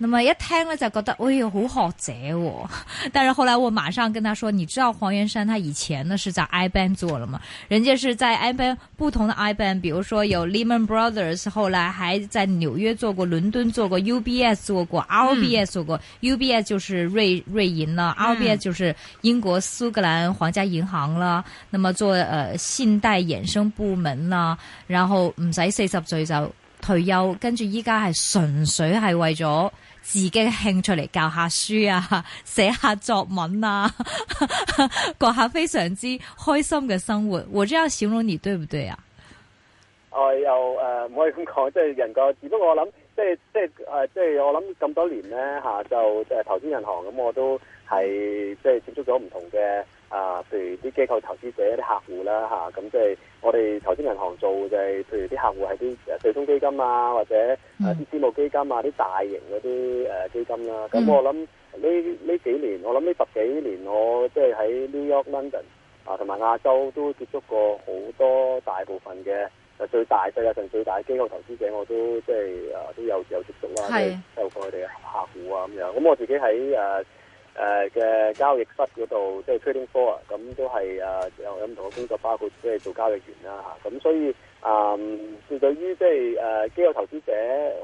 那麼一聽呢，就覺得，哎呀，好好賊哦。但是後來我馬上跟他說，你知道黃元山他以前呢是在 IB 做了嘛？人家是在 IB 不同的 IB，比如說有 Lehman Brothers，後來還在紐約做過、倫敦做過、UBS 做過、RBS 做過。UBS 就是瑞瑞銀啦、嗯、，RBS 就是英國蘇格蘭皇家銀行啦。那麼做呃信貸衍生部門啦，然後唔使四十歲就退休，跟住依家係純粹係為咗。自己嘅興趣嚟教下書啊，寫下作文啊，過下非常之開心嘅生活，我將形容你對唔對啊？哦，又、呃、誒，唔可以咁講，即係人個，只不過我諗，即係即係誒，即係我諗咁多年咧嚇、啊，就誒投資銀行咁，我都係即係接觸咗唔同嘅。啊，譬如啲機構投資者啲客戶啦嚇，咁即係我哋投資銀行做就係、是，譬如啲客戶係啲對沖基金啊，或者、嗯、啊啲私募基金啊，啲大型嗰啲誒基金啦、啊。咁我諗呢呢幾年，我諗呢十幾年，我即係喺 New York London 啊，同埋亞洲都接觸過好多大部分嘅誒最大、世界上最大嘅機構投資者，我都即係、就是、啊都有有接觸啦、啊，有的過我哋嘅客戶啊咁樣。咁我自己喺誒。啊誒嘅、呃、交易室嗰度，即係 trading floor 咁都係啊、呃、有唔同嘅工作，包括即係、就是、做交易員啦吓，咁所以啊，呃、對於即係誒機構投資者，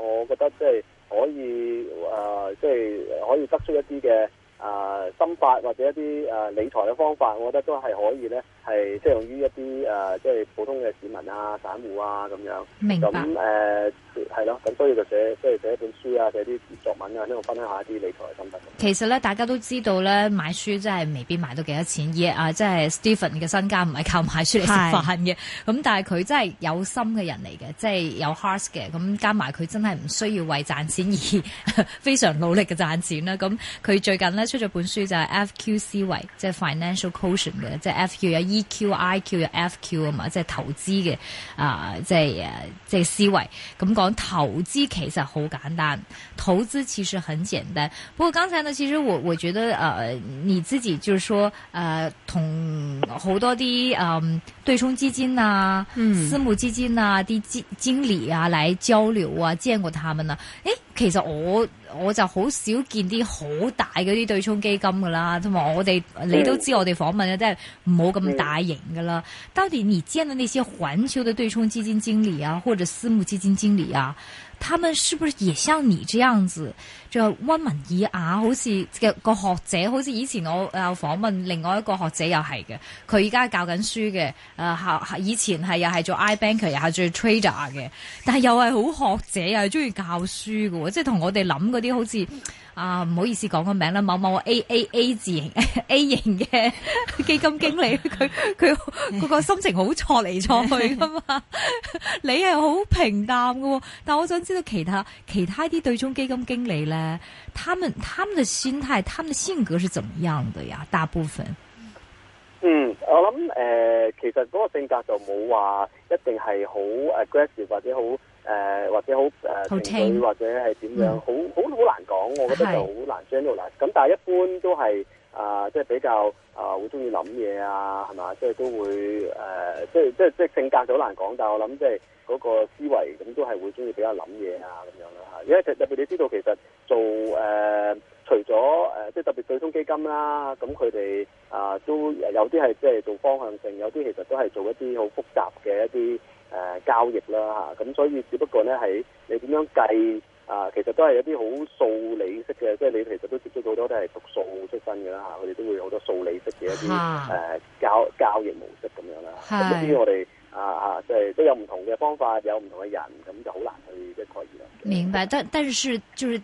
我覺得即係可以誒、呃，即係可以得出一啲嘅。啊，心法或者一啲誒、啊、理財嘅方法，我覺得都係可以咧，係適用於一啲誒、啊、即係普通嘅市民啊、散戶啊咁樣。明白。咁誒係咯，咁、呃、所以就寫即係、寫、一本書啊，寫啲作文啊，呢度分享下一啲理財嘅心得。其實咧，大家都知道咧，買書真係未必買到幾多錢。而啊，即係 Stephen 嘅身家唔係靠買書嚟食飯嘅。咁是但係佢真係有心嘅人嚟嘅，即係有 heart 嘅。咁加埋佢真係唔需要為賺錢而非常努力嘅賺錢啦。咁佢最近咧。出咗本書就係 FQ 思維，即係 financial quotient 嘅，即係 FQ 有 EQ、IQ 有 FQ 啊嘛，即係投資嘅啊，即係即係思維咁講，在在那麼說投資其實好簡單，投資其實很簡單。不過剛才呢，其實我我覺得誒、呃，你自己就係說誒、呃，同好多啲啊、呃、對沖基金啊、嗯、私募基金啊啲經經理啊嚟交流啊，見過他們呢？誒。其實我我就好少見啲好大嗰啲對沖基金噶啦，同埋我哋你都知我哋訪問嘅，即係唔好咁大型噶啦。嗯、到底你見到那些環球嘅對沖基金經理啊，或者私募基金經理啊？他們是不是也像你這樣子，就溫文爾雅、啊，好似個個學者，好似以前我有訪問另外一個學者又係嘅，佢而家教緊書嘅，誒、呃，以前係又係做 I banker，又係做 trader 嘅，但係又係好學者，又係中意教書嘅，即係同我哋諗嗰啲好似。啊，唔好意思講個名啦，某某 A A A 字型 A 型嘅基金經理，佢佢個心情好錯嚟錯去噶嘛， 你係好平淡噶，但係我想知道其他其他啲對沖基金經理咧，他們他們嘅心態、他們嘅性格是怎麼樣的呀？大部分，嗯，我諗誒、呃，其實嗰個性格就冇話一定係好 aggressive 或者好。誒、呃，或者好誒情緒，或者係點樣，好好好難講。我覺得就好難 generalize 啦。咁但係一般都係、呃就是呃、啊，即係比較啊，會中意諗嘢啊，係嘛，即係都會誒，即係即係即係性格就好難講。但係我諗即係嗰個思維咁都係會中意比較諗嘢啊，咁樣啦吓。因為特別你知道，其實做誒、呃，除咗誒，即、呃、係、就是、特別對沖基金啦、啊，咁佢哋都有啲係即係做方向性，有啲其實都係做一啲好複雜嘅一啲。誒、呃、交易啦嚇、咁、嗯、所以只不過咧係你點樣計啊，呃，其實都係一啲好數理式嘅。即係你其實都接觸到好多都係讀數出身嘅啦嚇，佢哋都會有好多數理式嘅一啲誒、啊呃、交交易模式咁樣啦，咁呢啲我哋。啊啊，即係都有唔同嘅方法，有唔同嘅人，咁就好難去一個樣。明白，但吧但是就是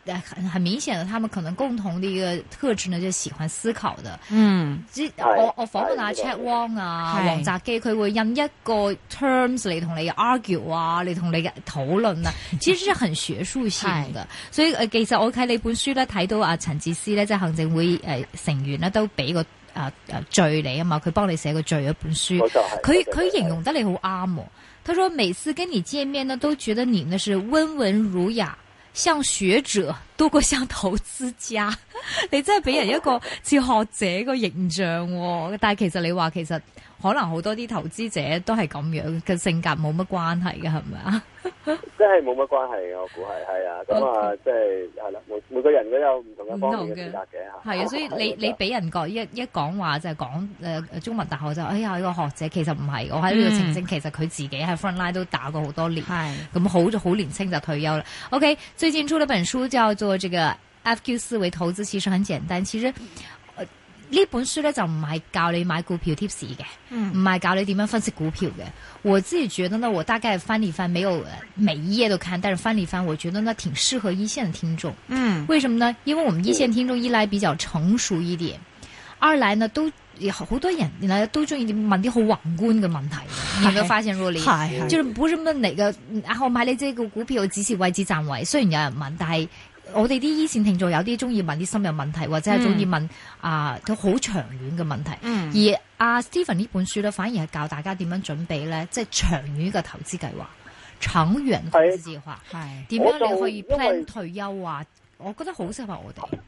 很明顯的，他們可能共同嘅特質呢，就喜歡思考的。嗯，就對我我訪問 Chack Wong 啊，王澤基，佢會引一個 terms 嚟同你 argue 啊，嚟同你討論啊，其實係很學術性嘅。 所以誒，其實我睇你本書咧，睇到阿陳智思咧，即係行政會誒、呃、成員咧，都俾個。啊啊，序、啊、你啊嘛，佢幫你寫個序一本書，佢佢形容得你好啱、哦。佢說每次跟你見面呢，都覺得你呢是温文儒雅，像學者多過像投資家。 你真係俾人一個似學者個形象、哦， 但係其實你話其實。可能好多啲投資者都係咁樣嘅性格，冇乜關係嘅，係咪啊？ 真係冇乜關係，我估係係啊。咁啊，即係係啦，每每個人都有唔同嘅風格嘅嚇。係啊，所以你的你俾人個一一講話就係、是、講誒、呃、中文大學就哎呀，呢個學者其實唔係我喺呢個情境，其實佢、嗯、自己喺 front line 都打過好多年，咁好好年輕就退休啦。OK，最近出咗本書叫做呢個 FQ 思維投資，其實很簡單，其實呢本書咧就唔係教你買股票貼士嘅，唔係教你點樣分析股票嘅。我自己覺得呢，我大概翻嚟翻，冇每頁都看，但係翻嚟翻，我覺得呢，挺適合一線嘅聽眾。嗯，為什麼呢？因為我們一線聽眾一來比較成熟一點，二來呢都好多人，然後都中意問啲好宏觀嘅問題。你有冇發現？若琳，係係，就係不是問哪個？我買你隻股股票，只是位置站位。雖然有人問，但係。我哋啲依線聽眾有啲中意問啲深入問題，或者係中意問、嗯、啊，都好長遠嘅問題。嗯、而阿、啊、Steven 呢本書咧，反而係教大家點樣準備咧，即、就、係、是、長遠嘅投資計劃、長遠投資計劃，係點樣你可以 plan 退休啊？為我覺得好適合我哋。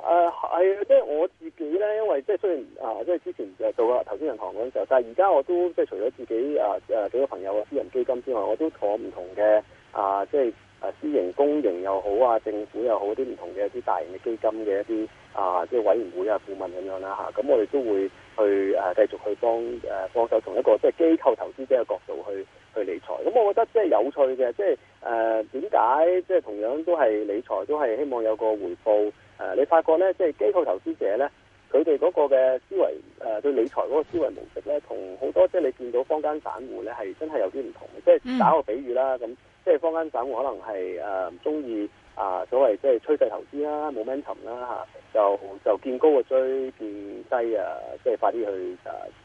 誒、呃，係啊，即係我自己咧，因為即係雖然啊，即係之前誒做過投資銀行嗰陣時候，但係而家我都即係除咗自己啊啊幾個朋友啊私人基金之外，我都做唔同嘅啊即係。誒私營公營又好啊，政府又好，啲唔同嘅一啲大型嘅基金嘅一啲啊，即係委員會啊、顧問咁樣啦吓，咁我哋都會去誒繼續去幫誒幫手，從一個即係機構投資者嘅角度去去理財。咁我覺得即係有趣嘅，即係誒點解即係同樣都係理財，都係希望有個回報誒？你發覺咧，即係機構投資者咧，佢哋嗰個嘅思維誒對理財嗰個思維模式咧，同好多即係你見到坊間散戶咧係真係有啲唔同嘅，即係打個比喻啦咁。即係坊間散戶可能係誒唔中意啊，所謂即係趨勢投資啦，momentum 啦吓，就就見高個追，見低啊即係快啲去誒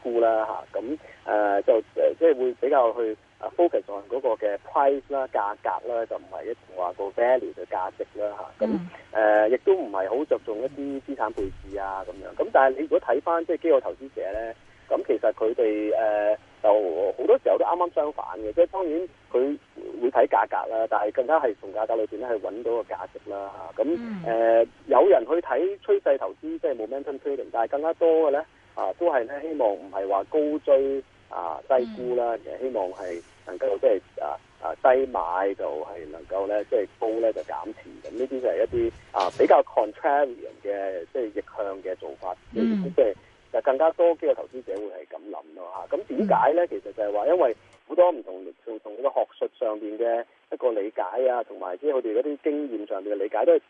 沽啦吓，咁、啊、誒就誒即係會比較去 focus 喺嗰個嘅 price 啦、啊、價格啦、啊，就唔係一定話個 value 嘅價值啦吓，咁誒亦都唔係好着重一啲資產配置啊咁樣，咁但係你如果睇翻即係機構投資者咧，咁其實佢哋誒。呃就好多時候都啱啱相反嘅，即係當然佢會睇價格啦，但係更加係從價格裏邊咧係揾到個價值啦嚇。咁誒、mm. 呃、有人去睇趨勢投資，即、就、係、是、momentum、um、trading，但係更加多嘅咧啊，都係咧希望唔係話高追啊低沽啦，而係、mm. 希望係能夠即係、就是、啊啊低買就係能夠咧即係高咧就減持，咁呢啲就係一啲啊比較 contrarian 嘅即係、就是、逆向嘅做法即係。Mm. 就更加多嘅投資者會係咁諗咯嚇，咁點解咧？其實就係話，因為好多唔同同呢個學術上邊嘅一個理解啊，同埋即係佢哋嗰啲經驗上邊嘅理解都係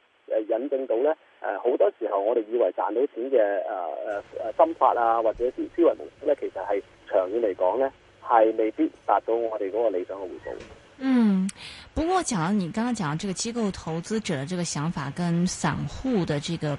誒引證到咧誒好多時候，我哋以為賺到錢嘅誒誒誒心法啊，或者啲思維模式咧，其實係長遠嚟講咧，係未必達到我哋嗰個理想嘅回報的。嗯，不過講你剛剛講到這個機構投資者嘅這個想法，跟散戶嘅這個。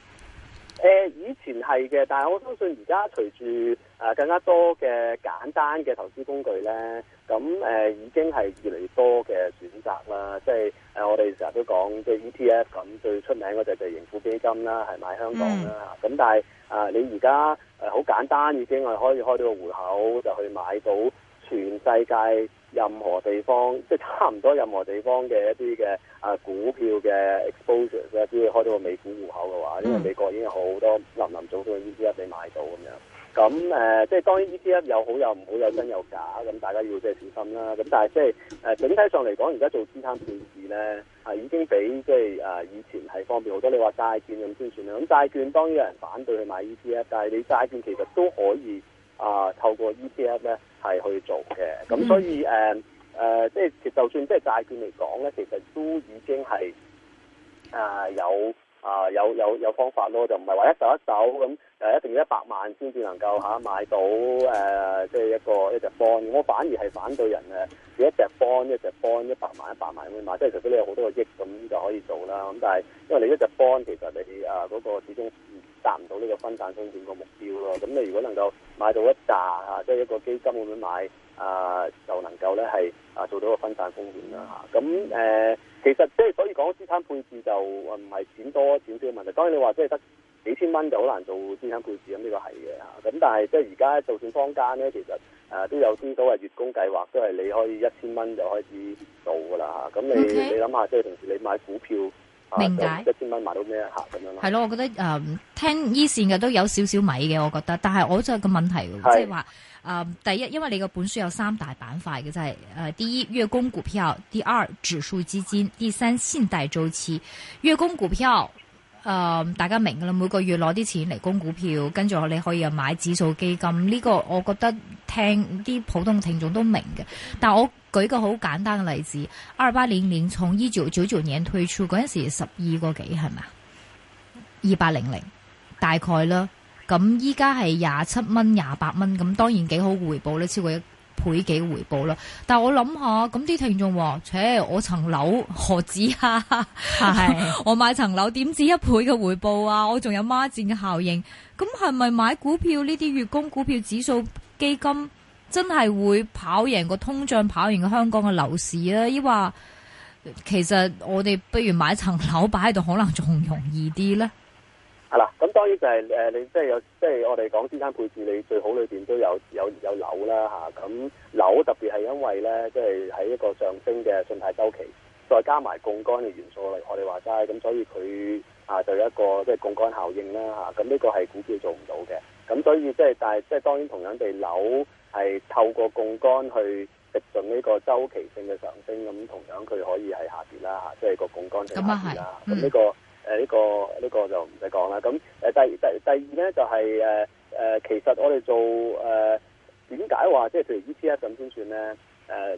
誒以前係嘅，但係我相信而家隨住誒更加多嘅簡單嘅投資工具咧，咁誒已經係越嚟越多嘅選擇啦。即係誒我哋成日都講，即係 ETF 咁最出名嗰隻就係盈富基金啦，係買香港啦。咁、mm. 但係啊，你而家誒好簡單，已經係可以開到個戶口就去買到全世界。任何地方即係差唔多任何地方嘅一啲嘅啊股票嘅 exposure 即係開到個美股戶口嘅話，嗯、因為美國已經好多林林總總嘅 ETF 你買到咁樣。咁誒、呃，即係當然 ETF 有好有唔好，有真有假，咁大家要即係小心啦。咁但係即係誒整體上嚟講，而家做資產配置咧，係、啊、已經比即係誒、呃、以前係方便好多。你話債券咁先算啦，咁債券當然有人反對去買 ETF，但係你債券其實都可以。啊，透過 ETF 咧係去做嘅，咁所以誒誒、嗯啊啊，即係就算即係債券嚟講咧，其實都已經係啊有。啊，有有有方法咯，就唔係話一手一手咁，誒、嗯呃、一定要一百萬先至能夠嚇、啊、買到誒，即、呃、係、就是、一個一隻 bond。我反而係反對人誒，有一,一隻 bond 一隻 bond 一百萬一百萬咁樣買，即係除非你有好多個億咁就可以做啦。咁、嗯、但係因為你一隻 bond，其實你啊嗰、那個始終達唔到呢個分散風險個目標咯。咁你如果能夠買到一紮嚇、啊，即係一個基金咁樣買。啊，就能夠咧係啊做到個分散風險啦咁、啊啊、其實即係所以講資產配置就唔係錢多錢少問題。當然你話即係得幾千蚊就好難做資產配置咁呢、嗯這個係嘅嚇。咁、啊、但係即係而家就算坊間咧，其實誒、啊、都有啲所謂月供計劃，都係你可以一千蚊就開始做噶啦嚇。咁、啊、你 Okay. 你諗下，即、就、係、是、同時你買股票。明解？一千蚊買到咩咁樣？係咯釋，我覺得誒、嗯，聽依線嘅都有少少米嘅，我覺得。但係我就係個問題，即係話誒，第一，因為你個本書有三大板塊，一個就係、是、誒、呃，第一月供股票，第二指數基金，第三信貸周期。月供股票誒、呃，大家明噶啦，每個月攞啲錢嚟供股票，跟住你可以又買指數基金。呢、這個我覺得聽啲普通聽眾都明嘅，但我。舉個好簡單嘅例子，二八零零從一九九九年推出嗰陣時十二個幾係咪？二八零零大概啦，咁依家係廿七蚊、廿八蚊，咁當然幾好回報啦，超過一倍幾回報啦。但係我諗下，咁啲聽眾話，切、欸，我層樓何止哈、啊、是 我買層樓點止一倍嘅回報啊？我仲有孖展嘅效應，咁係咪買股票呢啲月供股票指數基金？真係會跑贏個通脹，跑贏個香港嘅樓市啊。抑或其實我哋不如買層樓擺喺度，可能仲容易啲咧。係啦，咁當然就係誒，你即係有，即係我哋講資產配置，你最好裏邊都有有有樓啦吓。咁樓特別係因為咧，即係喺一個上升嘅信貸週期，再加埋槓桿嘅元素嚟，我哋話齋咁，所以佢。啊，就有一個即係槓桿效應啦，嚇！咁呢個係股票做唔到嘅，咁所以即、就、係、是、但係即係當然同樣地扭，樓係透過槓桿去直進呢個周期性嘅上升，咁同樣佢可以係下跌啦，嚇！即係個槓桿嘅下跌啦。咁呢、這個誒呢、嗯呃這個呢、這個就唔使講啦。咁誒第第第二咧就係誒誒，其實我哋做誒點解話即係譬如 ETF 咁先算咧誒？呃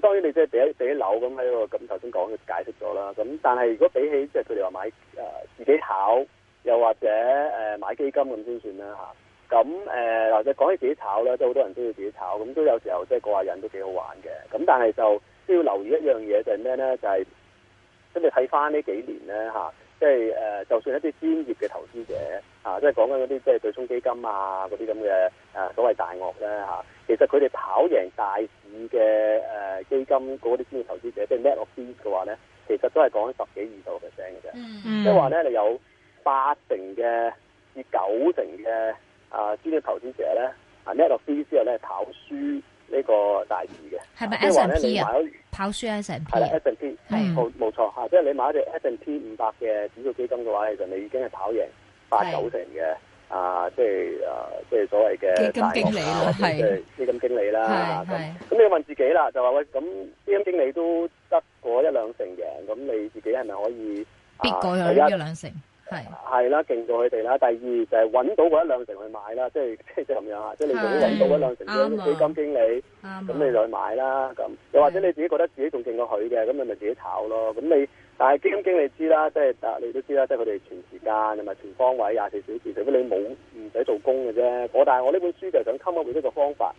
當然你即係俾一俾一樓咁喺度，咁頭先講嘅解釋咗啦，咁但係如果比起即係佢哋話買誒自己炒，又或者誒買基金咁先算啦嚇。咁誒嗱，你、呃、講起自己炒啦，即係好多人都要自己炒，咁都有時候即係過下癮都幾好玩嘅。咁但係就都要留意一樣嘢就係咩咧？就係即係睇翻呢、就是、幾年咧嚇。即係誒，就算是一啲專業嘅投資者啊，即係講緊嗰啲即係對沖基金啊，嗰啲咁嘅啊，所謂大鱷咧嚇、啊，其實佢哋跑贏大市嘅誒基金嗰啲專業投資者，即係 net of fees 嘅話咧，其實都係講緊十幾二十 percent 嘅，即係話咧，你有八成嘅至九成嘅啊專業投資者咧啊 net of fees 之後咧跑輸。呢個大市嘅，即係話 s 你買咗跑輸 S&P，係啦 S&P，嗯，冇冇錯吓，即係你買一隻 S&P 五百嘅指數基金嘅話，其實你已經係跑贏八九成嘅，啊，即係即係所謂嘅基金經理即係基金經理啦，咁你問自己啦，就話喂，咁基金經理都得過一兩成嘅，咁你自己係咪可以？得過一兩成。係，係啦，勁過佢哋啦。第二就係揾到嗰一兩成去買啦，即係即係咁樣嚇，即係你自己揾到嗰兩成嘅基金經理，咁你再去買啦。咁又或者你自己覺得自己仲勁過佢嘅，咁你咪自己炒咯。咁你但係基金經理知啦，即係你都知啦，即係佢哋全時間同埋全方位廿四小時，除非你冇唔使做工嘅啫。但是我但係我呢本書就係想溝咗佢呢個方法，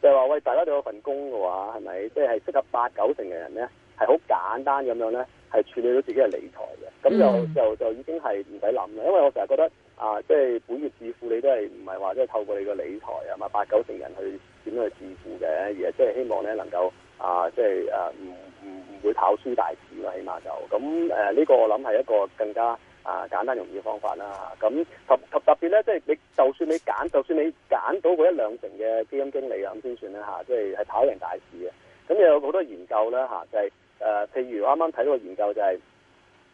就係話喂，大家有份工嘅話，係咪即係適合八九成嘅人咧？係好簡單咁樣咧，係處理到自己嘅理財嘅，咁、嗯、就就就已經係唔使諗喇。因為我成日覺得啊，即、就、係、是、本業致富，你都係唔係話即係透過你個理財啊，咪、就是、八九成人去點樣去致富嘅？而係即係希望咧能夠啊，即、就、係、是、啊，唔唔唔會跑輸大市喇，起碼就咁誒。呢個我諗係一個更加啊簡單容易嘅方法啦。咁特特別咧，即、就、係、是、你就算你揀，就算你揀到嗰一兩成嘅基金經理才啊，咁先算啦吓，即係係跑贏大市嘅。咁又有好多研究啦吓、啊，就係、是。誒、呃，譬如啱啱睇到個研究，就係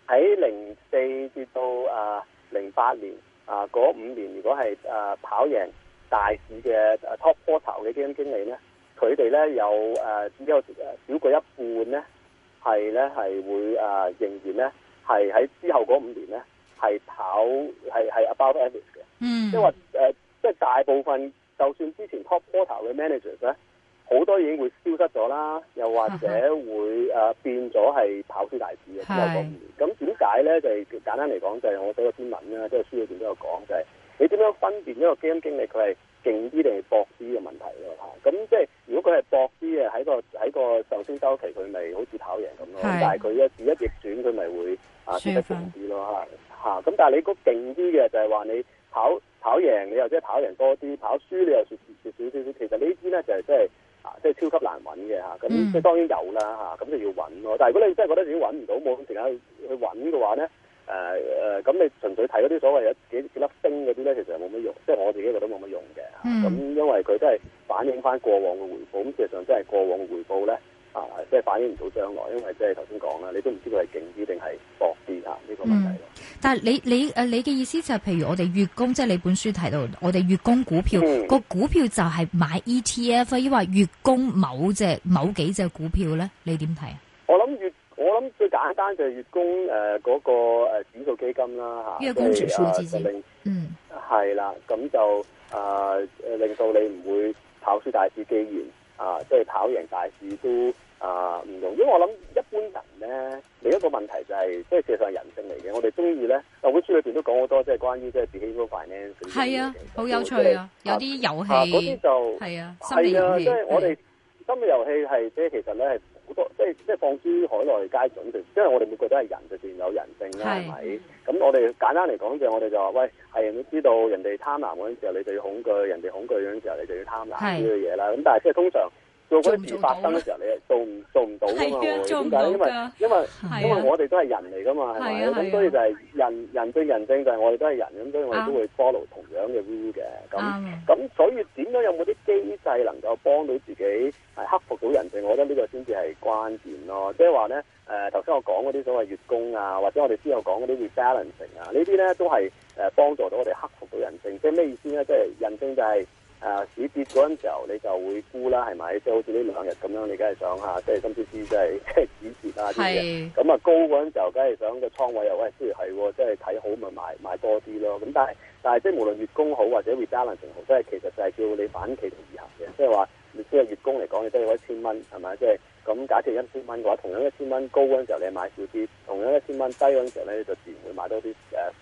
喺零四至到啊零八年啊嗰五年，呃、年，如果係誒、呃、跑贏大市嘅誒、啊、top quartile 嘅基金經理咧，佢哋咧有誒只有誒少過一半咧，係咧係會誒、呃、仍然咧係喺之後嗰五年咧係跑係係 above average 嘅，即係話誒，即係、嗯呃就是、大部分就算之前 top quartile 嘅 managers 咧。好多嘢會消失咗啦，又或者會誒、嗯哼啊、變咗係跑輸大市嘅，咁點解咧？就係、是、簡單嚟、就是、講，就係我寫個篇文啦，即係書裏邊都有講，就係你點樣分辨一個基金經理，佢係勁啲定係搏啲嘅問題咯嚇。咁即係如果佢係搏啲嘅，喺個喺個上升週期佢咪好似跑贏咁咯。的但係佢一市一逆轉，佢咪會啊跌分得勁啲咯嚇嚇。咁但係你嗰勁啲嘅就係話你跑跑贏，你又即係跑贏多啲，跑輸你又蝕少少少少少。其實這呢啲咧就係即係。就是即係超級難揾嘅嚇，咁即係當然有啦嚇，咁就要揾咯。但係如果你真係覺得自己揾唔到，冇咁時間去去揾嘅話咧，誒、呃、誒，咁你純粹睇嗰啲所謂有幾幾粒星嗰啲咧，其實冇乜用。即係我自己覺得冇乜用嘅。咁、嗯、因為佢即係反映翻過往嘅回報，咁事實上真係過往嘅回報咧，啊，即係反映唔到將來，因為即係頭先講啦，你都唔知佢係勁啲定係薄啲啊，呢個問題。嗯。但係你你誒你嘅意思就係，譬如我哋月供，即係你本書提到我哋月供股票，嗯、個股票就係買 ETF，或者話月供某隻某幾隻股票咧？你點睇啊？我諗月，我諗最簡單就係月供誒嗰個誒指數基金啦吓，月供指數基金，嗯，係啦，咁就誒令到你唔會跑輸大市，既然啊，即係跑贏大市都。.啊，唔容易。因為我諗一般人咧，另一個問題就係、是，即係事實上人性嚟嘅。我哋中意咧，我本書裏邊都講好多，即係關於即係自己 investment 係啊，好有趣啊，就是、有啲遊戲。嗰啲就係啊，心理遊戲係啊，即係我哋心理遊戲係即係，其實咧係好多，即係即係放諸海內皆準嘅。因為我哋每個都係人，就自然有人性啦，係咪是？咁我哋簡單嚟講就，我哋就話喂，係、哎、你知道人哋貪婪嗰陣時候，你就要恐懼；人哋恐懼嗰陣時候，你就要貪婪呢啲嘢啦。咁是但係即係通常。做嗰啲事發生嘅時候，做唔做你做唔做唔到噶嘛、啊？點解、啊？為因為因為、啊、因為我哋都係人嚟噶嘛，係咪？咁所以就係人是、啊、人對人性就係我哋都係人，咁所以我哋都會 follow 同樣嘅 view 嘅。啱，咁所以點樣有冇啲機制能夠幫到自己係克服到人性？我覺得呢個先至係關鍵咯。即係話咧，誒頭先我講嗰啲所謂月供啊，或者我哋之後講嗰啲 rebalancing 啊，呢啲咧都係誒、呃、幫助到我哋克服到人性。即係咩意思咧？即係人性就係、是。啊！市跌嗰陣時候，你就會沽啦，係咪？即係好似呢兩日咁樣，你梗係想下，即係今次市即係即係市跌啊啲嘢。咁啊高嗰陣時候，梗係想個倉位又喂，即係係即係睇好咪買買多啲咯。咁但係但係即係無論月供好或者 retirement 好，即係其實就係叫你反其道而行嘅，即係話即係月供嚟講，你即係一千蚊係咪？即係咁假設一千蚊嘅話，同樣一千蚊高嗰陣時候，你買少啲；同樣一千蚊低嗰陣時候咧，你就自然會買多啲誒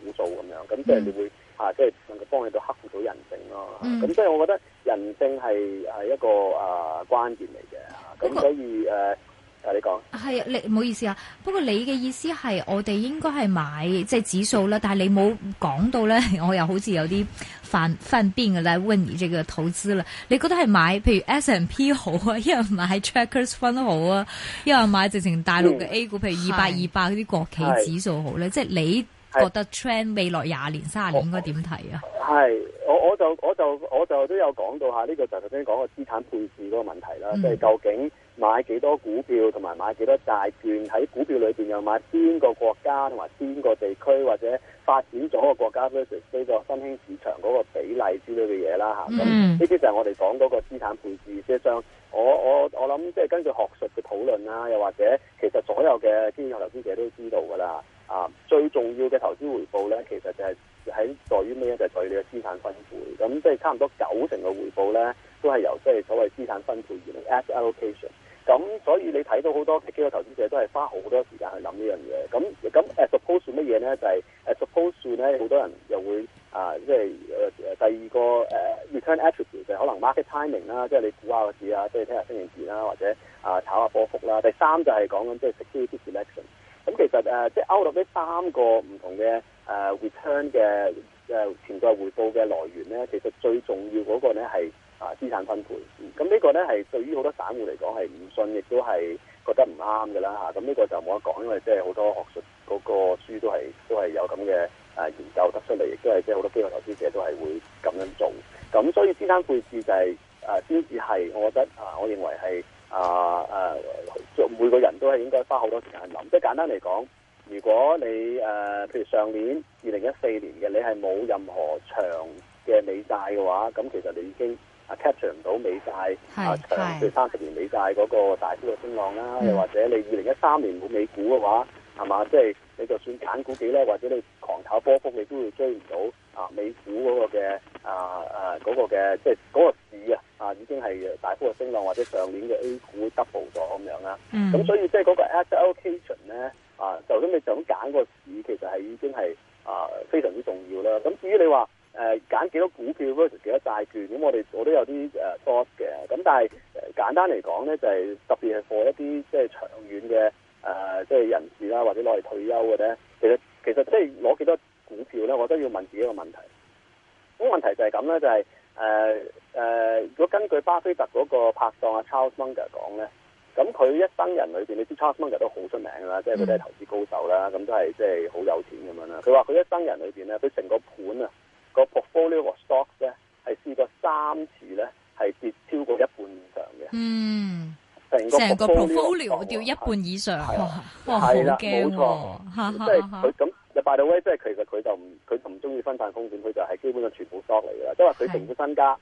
股數咁樣。咁即係你會。嗯啊，即、就、係、是、能夠幫你到克服到人性咯、啊。咁所以我覺得人性係係一個啊關鍵嚟嘅。咁過所以誒，啊你講係啊，你唔好意思啊。不過你嘅意思係我哋應該係買即係、就是、指數啦。但你冇講到咧，我又好似有啲犯犯 n 嚟問你這個投資啦。你覺得係買譬如 S P 好啊，一係買 trackers 分好啊，因係買直情大陸嘅 A 股，嗯、譬如二百二百嗰啲國企指數好咧。即係是你。是覺得 trend 未來廿年、三十年應該點睇啊？係，我我就我就我就都有講到一下呢、呢個就頭先講個資產配置嗰個問題啦，即係、嗯、究竟買幾多股票同埋買幾多債券，喺股票裏面又買邊個國家同埋邊個地區或者發展咗個國家、versus 呢個新興市場嗰個比例之類嘅嘢啦嚇。咁呢啲就係我哋講嗰個資產配置，即係將我我我諗即係根據學術嘅討論啦、啊，又或者其實所有嘅專業投資者都知道㗎啦。啊，uh, 最重要嘅投資回報咧，其實就係喺在，在於咩嘢？就係在你嘅資產分配。咁即係差唔多九成嘅回報咧，都係由即係、就是、所謂資產分配而來。Mm hmm. asset allocation。咁所以你睇到好多嘅基投資者都係花好多時間去諗呢樣嘢。咁咁 as opposed to 乜嘢咧？就係 as opposed to 算咧，好多人又會啊，即、就、係、是啊、第二個、uh, return attribute 就是可能 market timing 啦，即係你估下個市啊，即係睇下星期二啦，或者啊炒下波幅啦。第三就係講緊即係 security selection。咁、嗯、其實誒、呃，即係 out 到呢三個唔同嘅誒、呃、return 嘅誒潛在回報嘅來源咧，其實最重要嗰個咧係啊資產分配。咁、嗯嗯這個、呢個咧係對於好多散戶嚟講係唔信，亦都係覺得唔啱嘅啦嚇。咁、啊、呢、嗯這個就冇得講，因為即係好多學術嗰個書都係都係有咁嘅誒研究得出嚟，亦都係即係好多機構投資者都係會咁樣做。咁、嗯、所以資產配置就係誒先至係，我覺得啊，我認為係。啊誒、啊，每個人都係應該花好多時間去諗，即係簡單嚟講，如果你誒、啊，譬如上年二零一四年嘅，你係冇任何長嘅美債嘅話，咁其實你已經啊 capture 唔到美債啊，長譬如三十年美債嗰個大波嘅升浪啦，又的或者你二零一三年冇美股嘅話，係嘛，即係。你就算揀股幾叻，或者你狂炒波幅，你都會追唔到啊！美股嗰個嘅啊啊嗰個嘅即係嗰個市啊啊已經係大幅嘅升浪，或者上年嘅 A 股 double 咗咁樣啦。咁、mm. 所以即係嗰個 allocation 咧啊，就咁你就咁揀個市，其實係已經係啊非常之重要啦。咁至於你話誒揀幾多股票或者幾多債券，咁我哋我都有啲誒 thought 嘅。咁但係簡單嚟講咧，就係、是、特別係 for 一啲即係長遠嘅。誒、呃，即係人士啦，或者攞嚟退休嘅咧，其實其實即係攞幾多股票咧，我都要問自己一個問題。咁問題就係咁咧，就係誒誒，如果根據巴菲特嗰個拍檔 Charles Munger 講咧，咁佢一生人裏邊，你知 Charles Munger 都好出名噶啦，即係佢係投資高手啦，咁、mm. 都係即係好有錢咁樣啦。佢話佢一生人裏邊咧，佢成個盤啊，個 portfolio of stocks 咧，係試過三次咧，係跌超過一半以上嘅。嗯。Mm. 成個,個 portfolio 掉一半以上，啊、哇！係啦，冇錯，啊、哈哈哈哈即係佢咁，阿巴菲特即係其實佢就唔，佢唔中意分散風險，佢就係基本上全部 stock 嚟嘅啦。即係話佢整個身家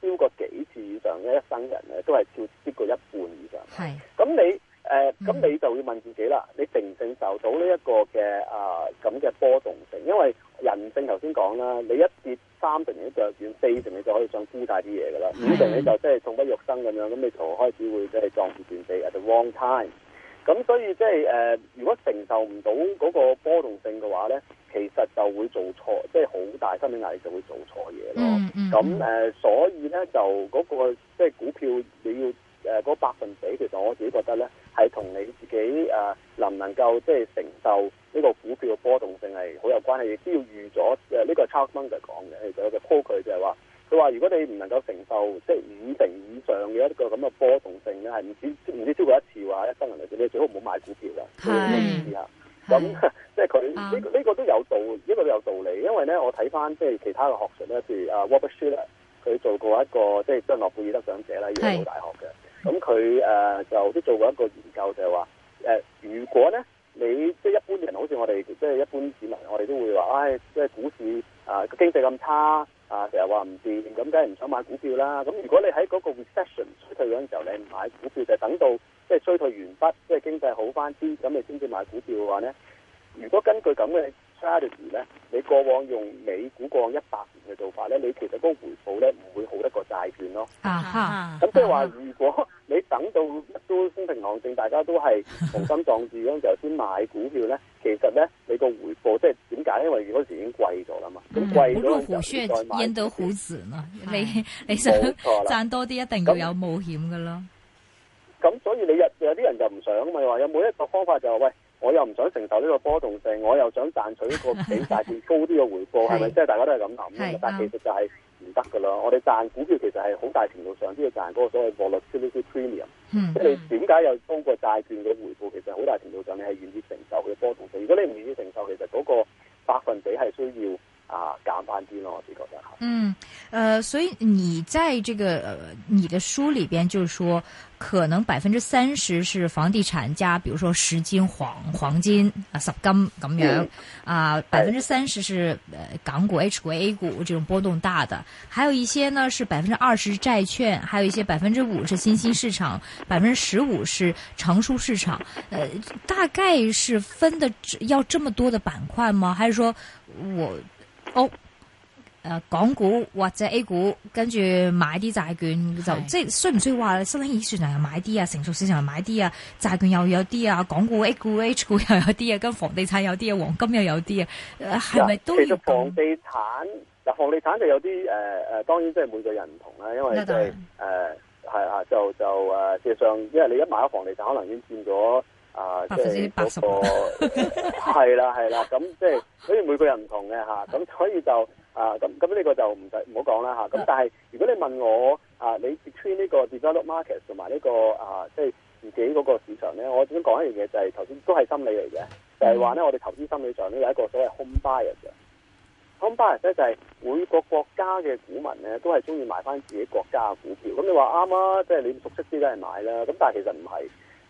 超的過幾次以上嘅一生人咧都係超超過一半以上。咁的你。誒，咁、嗯、你就要問自己啦，你承唔承受到呢一個嘅啊咁嘅波動性，因為人性頭先講啦，你一跌三成，你就轉四成你就可以想知大啲嘢噶啦，五成你就即係痛不欲生咁樣，咁你從開始會即係撞住轉軚，at the wrong time。咁所以即係誒，如果承受唔到嗰個波動性嘅話咧，其實就會做錯，即係好大心理壓力就會做錯嘢咯。咁誒、嗯嗯，所以咧就嗰、那個即係、就是、股票你要誒嗰、那個、百分比，其實我自己覺得咧。係同你自己誒、啊、能唔能夠即係、就是、承受呢個股票嘅波動性係好有關係，亦都要預咗誒。呢、這個 Charlie Munger 就講嘅，其實佢嘅 call 佢就係話，佢話如果你唔能夠承受即係、就是、五成以上嘅一個咁嘅波動性咧，係唔知唔知超過一次話一生人嚟講，你最好唔好買股票啦。係是。咁即係佢呢呢個都有道理，呢、這個都有道理。因為咧，我睇翻即係其他嘅學術咧，譬如啊 Robert Shiller 咧，佢做過一個即係將諾貝爾得獎者啦，耶魯到大學嘅。咁佢誒就都做過一個研究，就係話誒，如果咧你即係一般嘅人，好似我哋即係一般市民，我哋都會話，唉，即係股市啊經濟咁差啊，成日話唔掂，咁梗係唔想買股票啦。咁如果你喺嗰個 recession 衰退嗰陣時候，你唔買股票，就等到即係衰退完畢，即係經濟好翻啲，咁你先至買股票嘅話咧，如果根據咁嘅咧，你過往用美股過往一百年嘅做法咧，你其實嗰個回報咧唔會好得過債券咯。咁即係話，啊啊啊、如果你等到乜都風平浪靜，大家都係雄心壯志嗰陣時候先買股票咧， 其實咧你個回報即係點解？因為嗰時已經貴咗啦嘛，嗯、貴股虎都唔知。入虎穴，焉得虎子嘛？你你想 賺多啲，一定要有冒險嘅咯。咁所以你有有啲人就唔想嘛？話、就是、有冇一個方法就係、是、喂？我又唔想承受呢個波動性，我又想賺取一個比債券高啲嘅回報，係咪？ 即、就、係、是、大家都係咁諗嘅， 但係其實就係唔得噶啦。我哋賺股票其實係好大程度上都要賺嗰個所謂 volatility premium。嗯，即係點解有通過債券嘅回報？其實好大程度上你係願意承受佢嘅波動性。如果你唔願意承受，其實嗰個百分比係需要。啊，簡單啲咯，我哋覺得。嗯，呃所以你在這個，呃、你的書裏邊，就是說，可能百分之三十是房地產加，比如說十金黃黃金啊，十金咁樣啊，百分之三十是，港股、對 H 股、A 股這種波動大的，還有一些呢是百分之二十債券，還有一些百分之五是新興市場，百分之十五是成熟市場，呃大概是分的要這麼多的板塊嗎？還是說我？屋誒、oh, 呃，港股或者 A 股，跟住買啲債券就是即係需唔需要話新興市場又買啲啊，成熟市場又買啲啊，債券又有啲啊，港股 A 股 H 股又有啲啊，跟房地產有啲啊，黃金又有啲啊，係、呃、咪都要？其實房地產嗱，房地產就有啲誒誒，當然即係每個人唔同啦，因為就係誒係啊，就就誒事實上，因為你一買咗房地產，可能已經佔咗。啊，即係嗰個係啦係啦，咁即係所以每個人唔同嘅，吓，咁、啊、所以就啊咁咁呢個就唔使唔好講啦吓，咁、啊、但係如果你問我啊，你撇穿呢個 developed market 同埋呢個啊，即、就、係、是、自己嗰個市場咧，我想講一樣嘢就係頭先都係心理嚟嘅，就係話咧我哋投資心理上咧有一個所謂 home bias 嘅 home bias 咧就係每個國家嘅股民咧都係中意買翻自己國家嘅股票，咁你話啱啊，即係、就是、你熟悉啲都係買啦，咁但係其實唔係。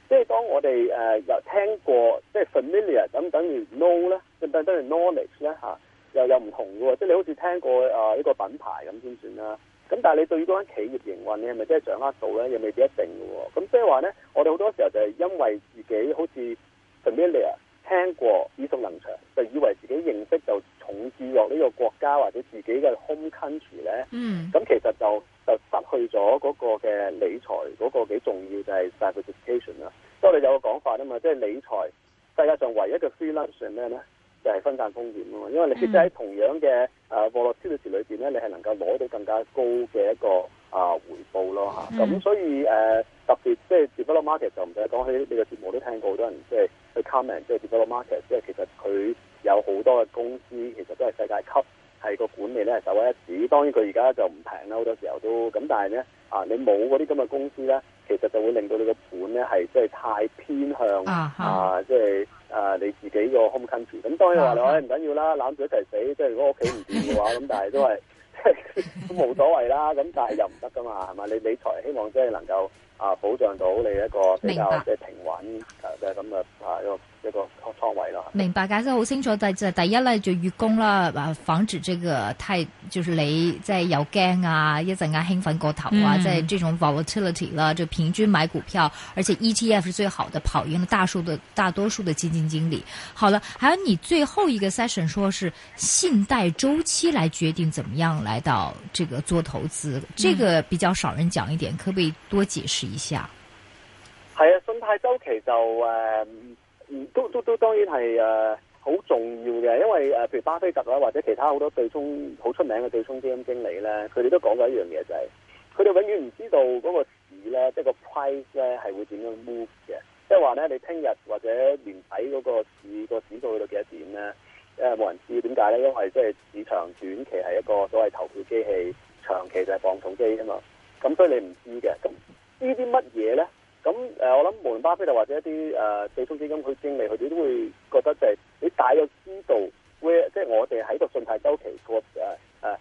即係當我哋誒又聽過，即係 familiar 咁，等於 know 咧，咁等等於 knowledge 咧嚇，又又唔同嘅喎。即係你好似聽過啊、呃、一個品牌咁先算啦。咁但係你對於嗰間企業營運，你係咪真係掌握到咧？又未必一定嘅喎。咁即係話咧，我哋好多時候就係因為自己好似 familiar 聽過耳熟能詳，就以為自己認識就。統治落呢個國家或者自己嘅 home country 咧，咁、嗯、其實就就失去咗嗰個嘅理財嗰、那個幾重要就係 diversification 啦。因為我哋有一個講法啊嘛，即、就、係、是、理財世界上唯一嘅 free lunch 係咩咧？就係、是、分散風險啊嘛。因為你即使喺同樣嘅誒暴落資本市裏邊咧，你係能夠攞到更加高嘅一個啊回報咯嚇。咁、嗯、所以誒、呃、特別即係 developed market 就唔使講起，你個節目都聽過好多人即係。就是去 comment，即係接到個 market，即係其實佢有好多嘅公司，其實都係世界級，係個管理咧就一市。當然佢而家就唔平啦，好多時候都咁，但係咧啊，你冇嗰啲咁嘅公司咧，其實就會令到你個盤咧係即係太偏向、uh huh. 啊，即係啊你自己個 home country。咁當然話你話唔、uh huh. 緊要啦，攬住一齊死。即係如果屋企唔掂嘅話，咁但係都係即係都冇所謂啦。咁但係又唔得噶嘛，係嘛？你理財希望即係能夠。啊，保障到你一個比較即係平穩嘅咁嘅啊一個！這個方方位啦，明白解釋好清楚。第就第一呢，就月供啦，防止這個太，就是你即係又驚啊，一陣間興奮過頭啊，嗯、在這種 volatility 啦、啊，就平均買股票，而且 ETF 是最好的，跑贏了大數的大多數的基金經理。好了，還有你最後一個 session，說是信貸周期來決定怎麼樣來到這個做投資，嗯、這個比較少人講一點，可唔可以多解釋一下？係、嗯、啊，信貸周期就誒。呃嗯，都都都當然係誒好重要嘅，因為誒、呃，譬如巴菲特啦，或者其他好多對沖好出名嘅對沖基金經理咧，佢哋都講過一樣嘢就係、是，佢哋永遠唔知道嗰個市咧，即係個 price 咧係會點樣 move 嘅，即係話咧，你聽日或者年底嗰個市、那個指數去到幾多點咧，誒、呃、冇人知，點解咧？因為即係市場短期係一個所謂投票機器，長期就係磅重機啊嘛，咁所以你唔知嘅。咁呢啲乜嘢咧？咁、呃、我諗無論巴菲特或者一啲誒對沖基金，佢經理佢哋都會覺得就係你大約知道即係我哋喺個信貸週期、啊，誒、啊、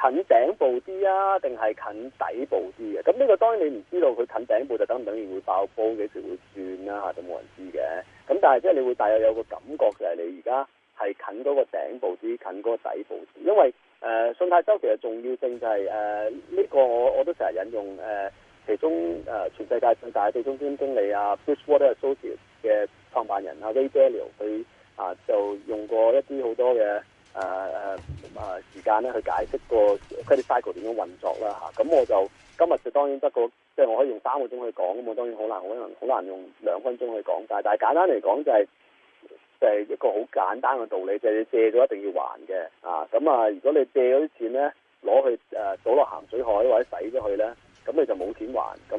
近頂部啲啊，定係近底部啲嘅、啊？咁呢個當然你唔知道佢近頂部就等唔等於會爆煲幾時會轉啦、啊、嚇，就冇人知嘅。咁但係即係你會大約有個感覺就係你而家係近嗰個頂部啲，近嗰個底部啲，因為誒、呃、信貸週期嘅重要性就係誒呢個我我都成日引用誒。呃其中誒、呃、全世界最大嘅對沖經理啊 Bridgewater Associates 嘅創辦人啊 Ray Dalio 佢啊就用過一啲好多嘅誒誒誒時間咧去解釋個 credit cycle 點樣運作啦嚇。咁、啊啊、我就今日就當然不過，即係我可以用三個鐘去講，咁我當然好難好難好難用兩分鐘去講曬。但係簡單嚟講就係、是、就係、是、一個好簡單嘅道理，就係、是、你借咗一定要還嘅啊。咁啊，如果你借咗啲錢咧，攞去誒、啊、倒落鹹水海或者使咗去咧。咁你就冇錢還，咁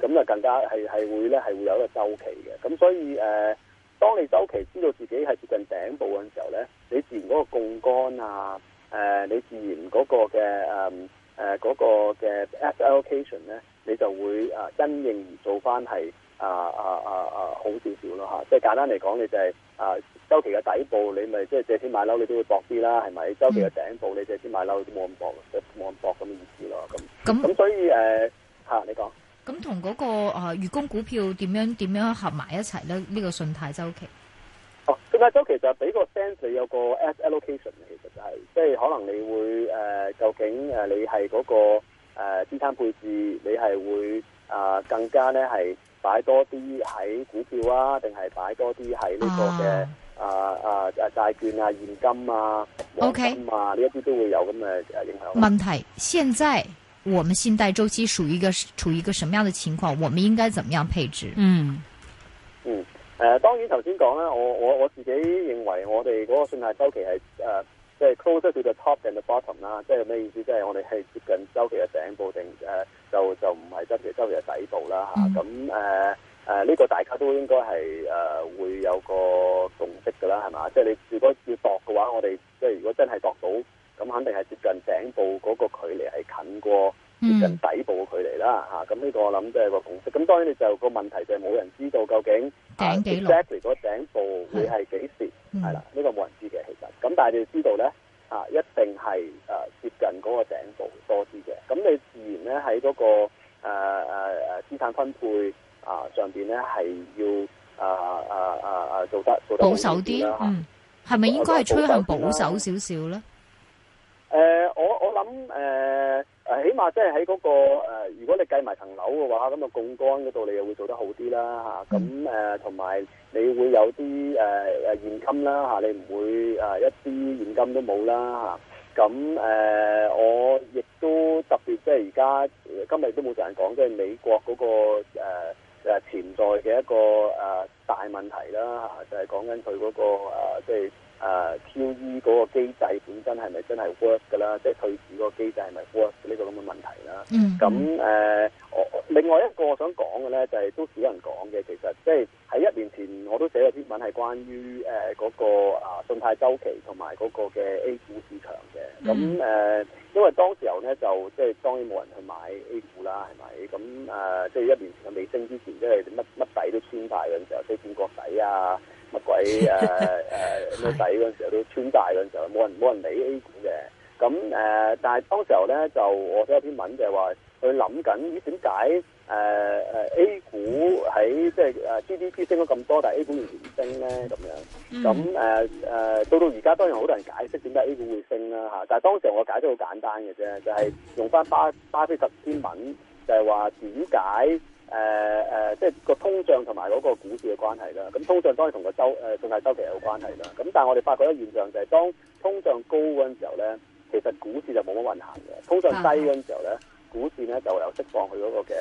咁就更加係係會咧係會有一個周期嘅，咁所以誒、呃，當你周期知道自己係接近頂部嘅時候咧，你自然嗰個槓桿啊，誒、呃、你自然嗰個嘅誒誒嗰個嘅 allocation 咧，你就會啊、呃、因應而做翻係、呃、啊啊啊啊好少少咯嚇、啊，即係簡單嚟講，你就係、是。啊，週期嘅底部你咪即係借錢買樓，你都會搏啲啦，係咪？周、嗯、期嘅頂部你借錢買樓都冇咁搏，即係冇咁搏咁嘅意思咯。咁咁，那所以誒，嚇、啊、你講，咁同嗰個誒、呃、月供股票點樣點樣合埋一齊咧？呢、這個信貸周期。哦、啊，信貸週期就俾個 sense，你有個 asset allocation 其實就係、是，即、就、係、是、可能你會誒、呃，究竟誒你係嗰、那個誒、呃、資產配置你，你係會啊更加咧係。擺多啲喺股票啊，定係擺多啲喺呢個嘅呃呃呃債券啊、現金啊、黃金啊、OK 啊，呢一啲都會有咁嘅影響。問題：現在我們信貸周期處於一個處於一個什麼樣的情況？我們應該怎麼樣配置？嗯嗯，誒、嗯呃，當然頭先講啦，我我我自己認為我哋嗰個信貸周期係誒。呃即係 closer to the top than the bottom 啦，即係咩意思？即係我哋係接近周期嘅頂部定誒，就就唔係周期週期嘅底部啦嚇。咁誒誒，呢個大家都應該係誒會有個共識噶啦，係嘛？即係你如果要度嘅話，我哋即係如果真係度到，咁肯定係接近頂部嗰個距離係近過。嗯，接近底部嘅距離啦，嚇咁呢個我諗即係個公式。咁當然你就個問題就係冇人知道究竟頂幾攏，Exactly 嗰頂部會係幾時，係啦，呢個冇人知嘅其實。咁但係你知道咧，嚇一定係誒接近嗰個頂部多啲嘅。咁你自然咧喺嗰個誒誒誒資產分配啊上邊咧係要誒誒誒誒做得做得保守啲，嗯，係咪應該係趨向保守少少咧？誒，我我諗誒。誒、啊，起碼即係喺嗰個、啊、如果你計埋層樓嘅話，咁啊，槓桿嗰度你又會做得好啲啦嚇。咁、啊、誒，同、啊、埋你會有啲誒誒現金啦嚇、啊，你唔會誒、啊、一啲現金都冇啦嚇。咁、啊、誒、啊，我亦都特別即係而家今日都冇同人講，即係美國嗰、那個誒誒、啊、潛在嘅一個誒、啊、大問題啦嚇、啊，就係講緊佢嗰個即係。啊就是誒 QE 嗰個機制本身係咪真係 work 㗎啦？即、就、係、是、退市嗰個機制係咪 work 呢個咁嘅問題啦？咁誒、mm，hmm. 那 uh, 我另外一個我想講嘅咧，就係、是、都少人講嘅，其實即係喺一年前我都寫咗篇文係關於誒嗰、uh, 那個啊、uh, 信貸週期同埋嗰個嘅 A 股市場嘅。咁誒、mm，hmm. 那 uh, 因為當時候咧就即係當然冇人去買 A 股啦，係咪？咁誒，即、uh, 係一年前嘅尾聲之前是，即係乜乜底都穿晒嘅時候，即係見個底啊！乜鬼誒誒乜底嗰陣時候都穿大嗰陣時候，冇人冇人理 A 股嘅，咁誒、呃、但係當時候咧就我寫一篇文就係話佢諗緊點解誒誒 A 股喺即係、就、誒、是、GDP 升咗咁多，但係 A 股仍然唔升咧咁樣，咁誒誒到到而家當然好多人解釋點解 A 股會升啦、啊、嚇，但係當時我解都好簡單嘅啫，就係、是、用翻巴巴菲特篇文就係話點解。誒誒、呃呃，即係個通脹同埋嗰個股市嘅關係啦。咁通脹當然同個周誒信貸周期有關係啦。咁但係我哋發覺一現象，就係當通脹高嗰陣時候咧，其實股市就冇乜運行嘅。通脹低嗰陣時候咧，的股市咧就有釋放佢嗰個嘅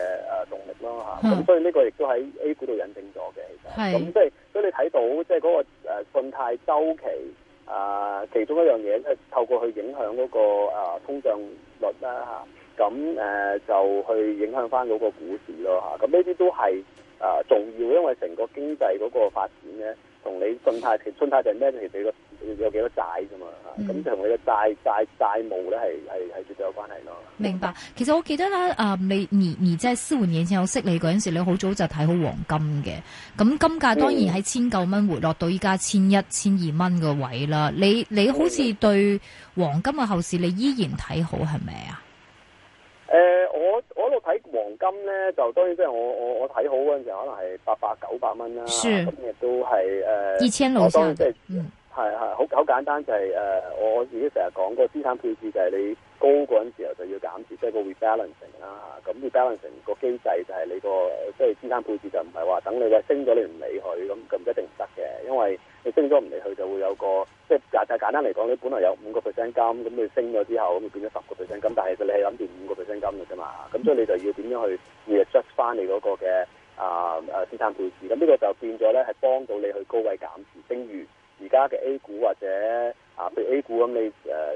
誒動力咯吓。咁的所以呢個亦都喺 A 股度引證咗嘅。咁即係所以你睇到即係嗰個誒、啊、信貸周期啊，其中一樣嘢，即係透過去影響嗰、嗰個誒、啊、通脹率啦、啊、吓。啊咁誒就去影響翻嗰個股市咯嚇。咁呢啲都係啊、呃、重要，因為成個經濟嗰個發展咧，同你信貸財信貸就係咩嚟？嗯、你個有幾多債㗎嘛？咁就同你個債債債務咧係係係絕對有關係咯。明白。其實我記得啦。啊你而而即係消緩疫前我識你嗰陣時，你好早就睇好黃金嘅。咁金價當然喺千九蚊，回落到依家千一千二蚊嘅位啦、嗯。你你好似對黃金嘅後市，你依然睇好係咪啊？誒、呃，我我度睇黃金咧，就當然即係我我我睇好嗰陣時候，可能係八百九百蚊啦，是今日都係誒二千樓下，即係係係好好簡單就係、是、誒、呃，我自己成日講個資產配置就係你高嗰陣時候就要減持，即係個 rebalancing 啦、啊、吓，咁 rebalancing 個機制，就係你個即係資產配置就唔係話等你嘅升咗你唔理佢，咁咁一定唔得嘅，因為。你升咗唔理佢，就會有個即係，就係簡單嚟講，你本來有五個 percent 金，咁你升咗之後，你變咗十個 percent 金，但係佢你係諗住五個 percent 金嘅啫嘛。咁所以你就要點樣去 adjust 翻你嗰個嘅啊啊資產配置。咁呢個就變咗咧，係幫到你去高位減持。正如而家嘅 A 股或者啊，譬如 A 股咁，你誒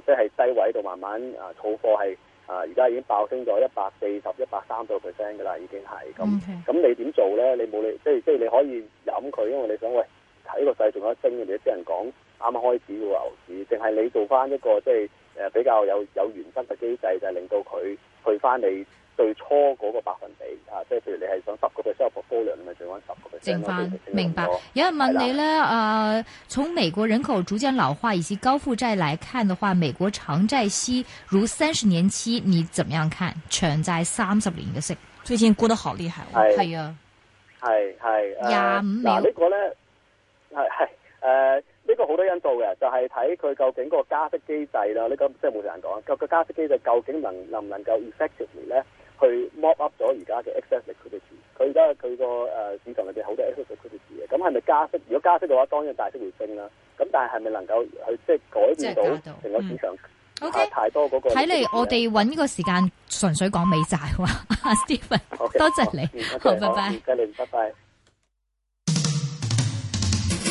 即係低位度慢慢啊，儲貨係啊，而家已經爆升咗一百四十一百三度 percent 嘅啦，已經係咁。咁 Okay. 你點做咧？你冇理，即係即係你可以飲佢，因為你想喂。睇個勢仲一升，你啲人講啱啱開始嘅牛市，定係你做翻一個即係誒比較有有原則嘅機制，就係令到佢退翻你最初嗰個百分比啊！即係譬如你係想十個 percent 嘅波量，你咪剩翻十個 percent。番明白？有人問你咧誒啦、呃，從美國人口逐漸老化以及高負債嚟看嘅話，美國長債息如三十年期，你點樣看？長債三十年嘅息最近估得好厲害，哦，係是啊，係係廿五秒。這個、呢個咧。係係，誒，呢、呃，這個好多因素嘅，就係睇佢究竟嗰個加息機制啦。呢、這個即係冇同人講，個個加息機制究竟能能唔能夠 effectively 咧，去 mop up 咗而家嘅 excess liquidity。佢而家佢個誒市場入邊好多 excess liquidity 嘅，咁係咪加息？如果加息嘅話，當然大息回升啦。咁但係係咪能夠去即係改變到成個市場太多嗰個？睇嚟我哋揾個時間純粹講美債喎 Stephen , Stephen 多謝你，okay, okay, 好拜拜，唔該你，拜拜。